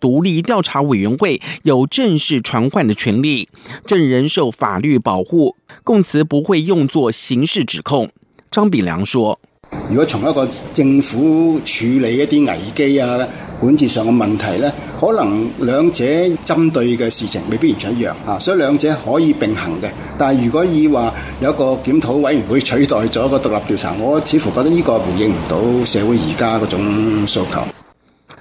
獨立調查委員會有正式傳喚嘅權利，證人受法律保護，供詞不會用作刑事指控。張炳良說：如果從一個政府處理一啲危機啊，管治上嘅問題呢，可能兩者針對嘅事情未必完全一樣啊，所以兩者可以並行嘅。但係如果以話有一個檢討委員會取代咗一個獨立調查，我似乎覺得呢個回應唔到社會而家嗰種訴求。